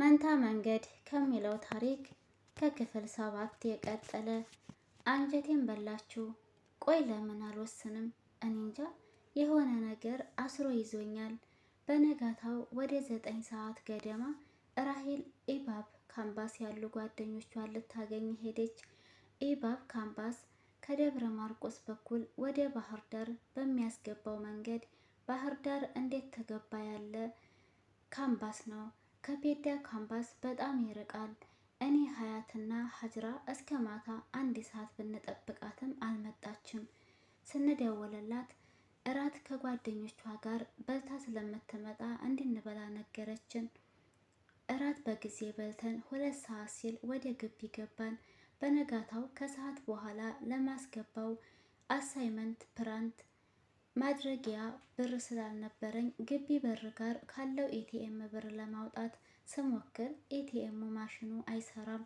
መንታ መንገድ ከሚለው ታሪክ ከክፍል ሰባት የቀጠለ። አንጀቴን በላችሁ። ቆይ ለምን አልወስንም? እኔ እንጃ የሆነ ነገር አስሮ ይዞኛል። በነጋታው ወደ ዘጠኝ ሰዓት ገደማ ራሄል ኢባብ ካምባስ ያሉ ጓደኞቿን ልታገኝ ሄደች። ኢባብ ካምባስ ከደብረ ማርቆስ በኩል ወደ ባህር ዳር በሚያስገባው መንገድ ባህር ዳር እንዴት ተገባ ያለ ካምባስ ነው። ከፔዳ ካምፓስ በጣም ይርቃል። እኔ ሀያትና ሀጅራ እስከ ማታ አንድ ሰዓት ብንጠብቃትም አልመጣችም። ስንደወለላት እራት ከጓደኞቿ ጋር በልታ ስለምትመጣ እንድንበላ ነገረችን። እራት በጊዜ በልተን ሁለት ሰዓት ሲል ወደ ግቢ ገባን። በነጋታው ከሰዓት በኋላ ለማስገባው አሳይመንት ፕራንት ማድረጊያ ብር ስላልነበረኝ ግቢ በር ጋር ካለው ኤቲኤም ብር ለማውጣት ስሞክር ኤቲኤሙ ማሽኑ አይሰራም።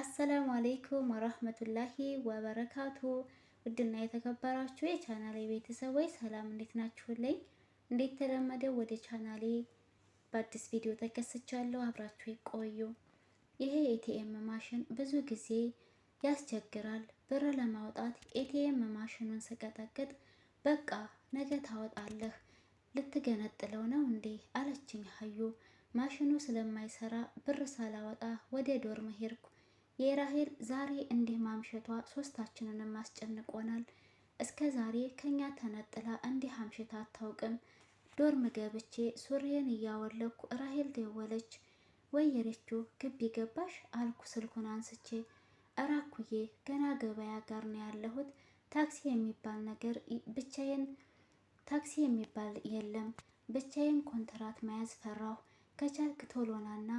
አሰላሙ አሌይኩም ወራህመቱላሂ ወበረካቱ። ውድና የተከበራችሁ የቻናሌ ቤተሰቦች ሰላም፣ እንዴት ናችሁልኝ? እንዴት ተለመደው ወደ ቻናሌ በአዲስ ቪዲዮ ተከስቻለሁ። አብራችሁ ይቆዩ። ይሄ ኤቲኤም ማሽን ብዙ ጊዜ ያስቸግራል። ብር ለማውጣት ኤቲኤም ማሽኑን ስቀጠቅጥ በቃ ነገ ታወጣለህ ልትገነጥለው ነው እንዴ አለችኝ ሀዩ። ማሽኑ ስለማይሰራ ብር ሳላወጣ ወደ ዶር መሄድኩ የራሄል ዛሬ እንዲህ ማምሸቷ ሶስታችንንም አስጨንቆናል። እስከ ዛሬ ከኛ ተነጥላ እንዲህ አምሽታ አታውቅም። ዶርም ገብቼ ሱሪዬን እያወለኩ ራሄል ደወለች። ወየሬችው ግቢ ገባሽ አልኩ ስልኩን አንስቼ። እራኩዬ ገና ገበያ ጋር ነው ያለሁት ታክሲ የሚባል ነገር ብቻዬን ታክሲ የሚባል የለም። ብቻዬን ኮንትራት መያዝ ፈራሁ። ከቻልክ ቶሎናና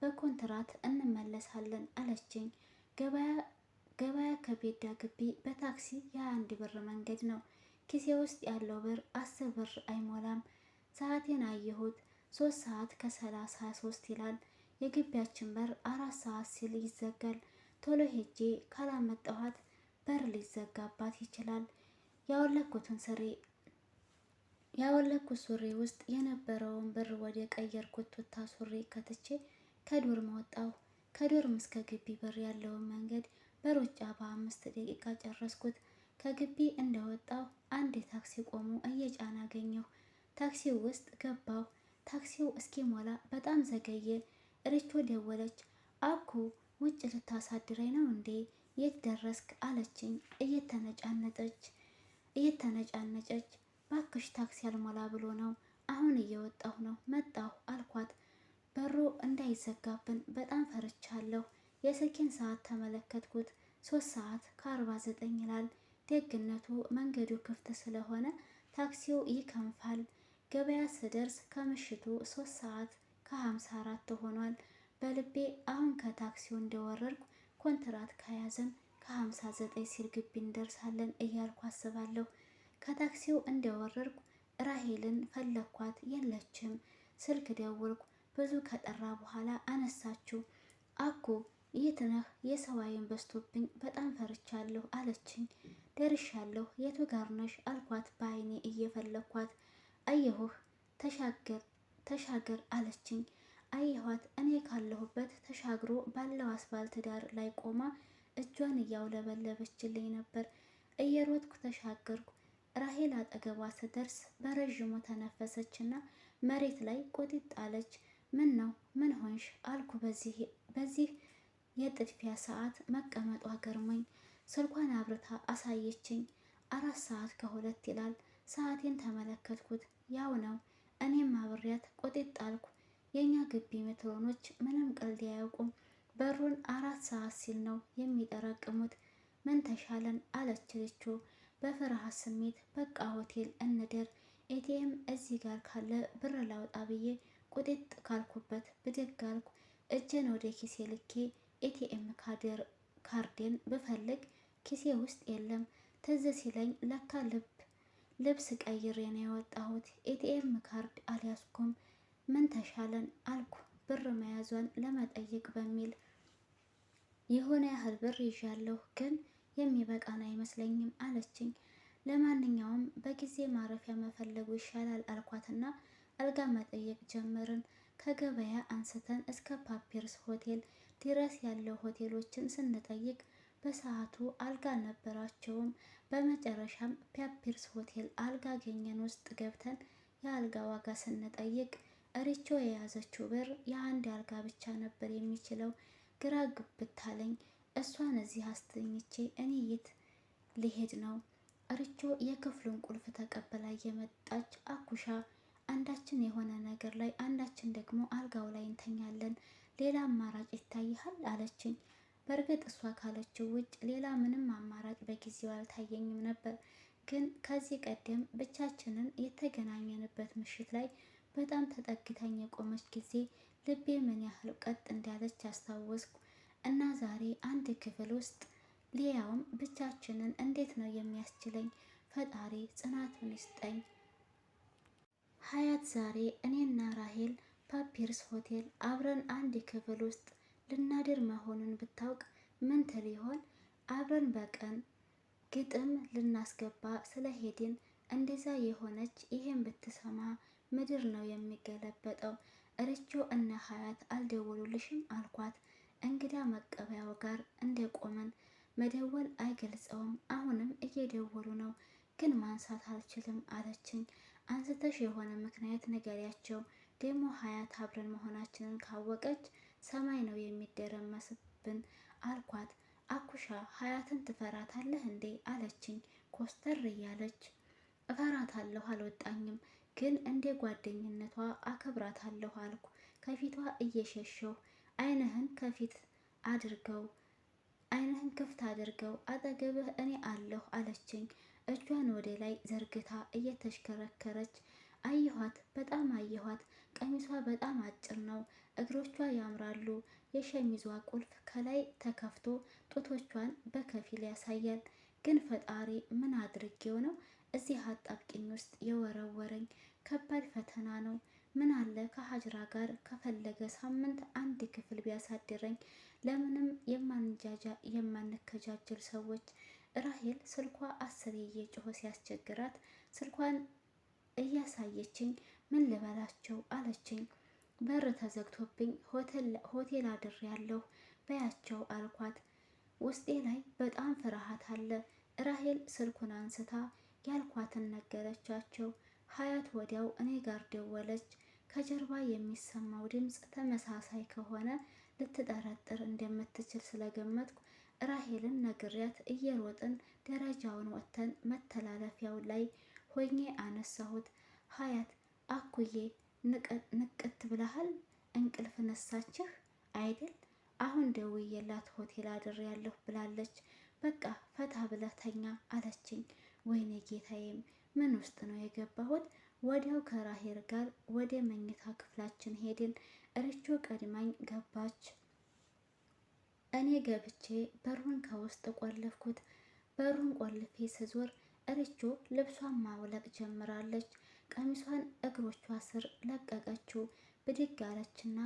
በኮንትራት እንመለሳለን አለችኝ። ገበያ ከቤዳ ግቢ በታክሲ የአንድ ብር መንገድ ነው። ኪሴ ውስጥ ያለው ብር አስር ብር አይሞላም። ሰዓቴን አየሁት። ሶስት ሰዓት ከሰላሳ ሶስት ይላል። የግቢያችን በር አራት ሰዓት ሲል ይዘጋል። ቶሎ ሄጄ ካላመጣኋት በር ሊዘጋባት ይችላል። ያወለኩትን ስሪ ያወለኩት ሱሪ ውስጥ የነበረውን ብር ወደ ቀየርኩት ቱታ ሱሪ ከትቼ ከዶርም ወጣሁ። ከዶርም እስከ ግቢ በር ያለውን መንገድ በሩጫ በአምስት ደቂቃ ጨረስኩት። ከግቢ እንደወጣሁ አንድ ታክሲ ቆሞ እየጫነ አገኘሁ። ታክሲው ውስጥ ገባሁ። ታክሲው እስኪሞላ በጣም ዘገየ። ሪቾ ደወለች። አኩ ውጭ ልታሳድረኝ ነው እንዴ የት ደረስክ አለችኝ እየተነጫነጨች እየተነጫነጨች ባክሽ ታክሲ አልሞላ ብሎ ነው አሁን እየወጣሁ ነው መጣሁ አልኳት በሩ እንዳይዘጋብን በጣም ፈርቻለሁ የስልኬን ሰዓት ተመለከትኩት ሶስት ሰዓት ከአርባ ዘጠኝ ይላል ደግነቱ መንገዱ ክፍት ስለሆነ ታክሲው ይከንፋል ገበያ ስደርስ ከምሽቱ ሶስት ሰዓት ከሀምሳ አራት ሆኗል በልቤ አሁን ከታክሲው እንደወረድኩ ኮንትራት ከያዘን ከ59 ሲል ግቢ እንደርሳለን እያልኩ አስባለሁ። ከታክሲው እንደወረድኩ ራሄልን ፈለኳት፣ የለችም። ስልክ ደውልኩ። ብዙ ከጠራ በኋላ አነሳችው። አኩ የት ነህ? የሰው ዓይን በዝቶብኝ በጣም ፈርቻለሁ አለችኝ። ደርሻለሁ፣ የቱ ጋር ነሽ አልኳት በአይኔ እየፈለኳት። አየሁህ፣ ተሻገር ተሻገር አለችኝ። አየኋት። እኔ ካለሁበት ተሻግሮ ባለው አስፋልት ዳር ላይ ቆማ እጇን እያውለበለበችልኝ ነበር። እየሮጥኩ ተሻገርኩ። ራሄል አጠገቧ ስደርስ በረዥሙ ተነፈሰች እና መሬት ላይ ቁጢጥ አለች። ምን ነው ምን ሆንሽ አልኩ። በዚህ የጥድፊያ ሰዓት መቀመጧ ገርሞኝ ስልኳን አብርታ አሳየችኝ። አራት ሰዓት ከሁለት ይላል። ሰዓቴን ተመለከትኩት። ያው ነው። እኔም አብሬያት ቁጢጥ አልኩ። የእኛ ግቢ ምትሆኖች ምንም ቀልድ አያውቁም። በሩን አራት ሰዓት ሲል ነው የሚጠረቅሙት። ምን ተሻለን አለችልችው በፍርሃት ስሜት። በቃ ሆቴል እንደር ኤቲኤም እዚህ ጋር ካለ ብር ላውጣ ብዬ ቁጢጥ ካልኩበት ብድግ አልኩ። እጄን ወደ ኪሴ ልኬ ኤቲኤም ካርዴን ብፈልግ ኪሴ ውስጥ የለም። ትዝ ሲለኝ ለካ ልብ ልብስ ቀይሬ ነው የወጣሁት። ኤቲኤም ካርድ አልያዝኩም። ምን ተሻለን አልኩ ብር መያዟን ለመጠየቅ በሚል የሆነ ያህል ብር ይዣለሁ፣ ግን የሚበቃን አይመስለኝም አለችኝ። ለማንኛውም በጊዜ ማረፊያ መፈለጉ ይሻላል አልኳትና አልጋ መጠየቅ ጀመርን። ከገበያ አንስተን እስከ ፓፒርስ ሆቴል ድረስ ያለው ሆቴሎችን ስንጠይቅ በሰዓቱ አልጋ አልነበራቸውም። በመጨረሻም ፓፒርስ ሆቴል አልጋ አገኘን። ውስጥ ገብተን የአልጋ ዋጋ ስንጠይቅ እርቾ የያዘችው ብር የአንድ አልጋ ብቻ ነበር የሚችለው። ግራ ግብት እሷን እዚህ አስተኝቼ እኔ የት ልሄድ ነው? እርቾ የክፍሉን ቁልፍ ተቀብላ እየመጣች አኩሻ አንዳችን የሆነ ነገር ላይ አንዳችን ደግሞ አልጋው ላይ እንተኛለን፣ ሌላ አማራጭ ይታይሃል አለችኝ። በእርግጥ እሷ ካለችው ውጭ ሌላ ምንም አማራጭ በጊዜው አልታየኝም ነበር። ግን ከዚህ ቀደም ብቻችንን የተገናኘንበት ምሽት ላይ በጣም ተጠግታኝ የቆመች ጊዜ ልቤ ምን ያህል ቀጥ እንዳለች አስታወስኩ እና ዛሬ አንድ ክፍል ውስጥ ሊያውም ብቻችንን እንዴት ነው የሚያስችለኝ? ፈጣሪ ጽናቱን ይስጠኝ። ሀያት ዛሬ እኔና ራሄል ፓፒርስ ሆቴል አብረን አንድ ክፍል ውስጥ ልናድር መሆኑን ብታውቅ ምን ትል ይሆን? አብረን በቀን ግጥም ልናስገባ ስለሄድን እንደዛ የሆነች ይህን ብትሰማ ምድር ነው የሚገለበጠው። ርቾ እነ ሀያት አልደወሉልሽም አልኳት። እንግዳ መቀበያው ጋር እንደቆመን መደወል አይገልጸውም። አሁንም እየደወሉ ነው፣ ግን ማንሳት አልችልም አለችኝ። አንስተሽ የሆነ ምክንያት ንገሪያቸው። ደግሞ ሀያት አብረን መሆናችንን ካወቀች ሰማይ ነው የሚደረመስብን አልኳት። አኩሻ ሀያትን ትፈራታለህ እንዴ አለችኝ ኮስተር እያለች። እፈራታለሁ አልወጣኝም ግን እንደ ጓደኝነቷ አከብራታለሁ አልኩ። ከፊቷ እየሸሸው አይንህን ከፊት አድርገው አይንህን ክፍት አድርገው አጠገብህ እኔ አለሁ አለችኝ። እጇን ወደ ላይ ዘርግታ እየተሽከረከረች አየኋት፣ በጣም አየኋት። ቀሚሷ በጣም አጭር ነው፣ እግሮቿ ያምራሉ። የሸሚዟ ቁልፍ ከላይ ተከፍቶ ጡቶቿን በከፊል ያሳያል። ግን ፈጣሪ ምን አድርጌው ነው እዚህ አጣብቂኝ ውስጥ የወረወረኝ ከባድ ፈተና ነው። ምን አለ ከሀጅራ ጋር ከፈለገ ሳምንት አንድ ክፍል ቢያሳድረኝ። ለምንም የማንጃጃ ሰዎች። ራሄል ስልኳ አስር እየጮኸ ሲያስቸግራት ስልኳን እያሳየችኝ ምን ልበላቸው አለችኝ። በር ተዘግቶብኝ ሆቴል አድር ያለሁ በያቸው አልኳት። ውስጤ ላይ በጣም ፍርሃት አለ። ራሄል ስልኩን አንስታ ያልኳትን ነገረቻቸው። ሀያት ወዲያው እኔ ጋር ደወለች። ከጀርባ የሚሰማው ድምፅ ተመሳሳይ ከሆነ ልትጠረጥር እንደምትችል ስለገመትኩ ራሄልን ነግሪያት እየሮጥን ደረጃውን ወጥተን መተላለፊያው ላይ ሆኜ አነሳሁት። ሀያት አኩዬ ንቅት ብለሃል፣ እንቅልፍ ነሳችህ አይደል? አሁን ደውዬላት ሆቴል አድሬያለሁ ብላለች። በቃ ፈታ ብለህ ተኛ አለችኝ። ወይኔ ጌታዬም ምን ውስጥ ነው የገባሁት? ወዲያው ከራሄል ጋር ወደ መኝታ ክፍላችን ሄድን። እርቾ ቀድማኝ ገባች። እኔ ገብቼ በሩን ከውስጥ ቆለፍኩት። በሩን ቆልፌ ስዞር እርቾ ልብሷን ማውለቅ ጀምራለች። ቀሚሷን እግሮቿ ስር ለቀቀችው። ብድግ አለችና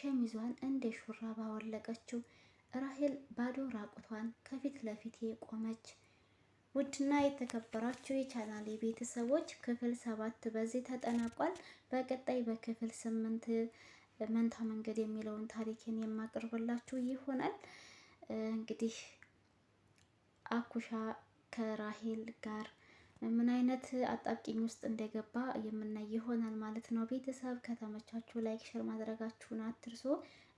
ሸሚዟን እንደ ሹራብ አወለቀችው። ራሄል ባዶ ራቁቷን ከፊት ለፊቴ ቆመች። ውድና የተከበራችሁ የቻናል ቤተሰቦች ክፍል ሰባት በዚህ ተጠናቋል። በቀጣይ በክፍል ስምንት መንታ መንገድ የሚለውን ታሪክን የማቀርብላችሁ ይሆናል። እንግዲህ አኩሻ ከራሄል ጋር ምን አይነት አጣብቂኝ ውስጥ እንደገባ የምናይ ይሆናል ማለት ነው። ቤተሰብ ከተመቻችሁ ላይክ፣ ሸር ማድረጋችሁን አትርሶ።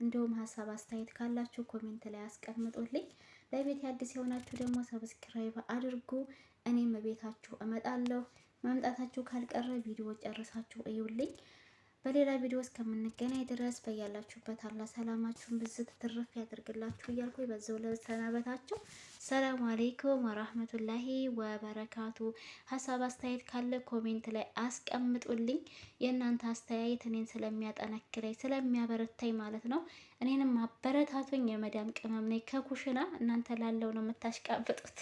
እንዲሁም ሀሳብ አስተያየት ካላችሁ ኮሜንት ላይ አስቀምጡልኝ። ለቤት አዲስ የሆናችሁ ደግሞ ሰብስክራይብ አድርጉ። እኔም ቤታችሁ እመጣለሁ። መምጣታችሁ ካልቀረ ቪዲዮ ጨርሳችሁ እዩልኝ። በሌላ ቪዲዮ እስከምንገናኝ ድረስ በያላችሁበት አላ ሰላማችሁን ብዝት ትርፍ ያደርግላችሁ እያልኩ በዛው ለሰናበታችሁ። ሰላም አሌይኩም ወራህመቱላሂ ወበረካቱ። ሀሳብ አስተያየት ካለ ኮሜንት ላይ አስቀምጡልኝ። የእናንተ አስተያየት እኔን ስለሚያጠነክረኝ ስለሚያበረታኝ ማለት ነው። እኔንም አበረታቶኝ የመዳም ቅመም ነኝ ከኩሽና እናንተ ላለው ነው የምታሽቃብጡት።